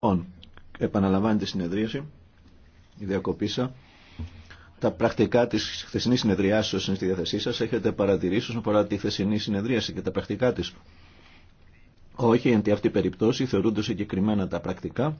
Λοιπόν, επαναλαμβάνει η συνεδρίαση, η διακοπήσα. Τα πρακτικά της χθεσινής συνεδρίασης είναι στη διάθεσή σας. Έχετε παρατηρήσει όσον αφορά τη χθεσινή συνεδρίαση και τα πρακτικά της. Όχι, γιατί αυτή η περιπτώση θεωρούνται συγκεκριμένα τα πρακτικά.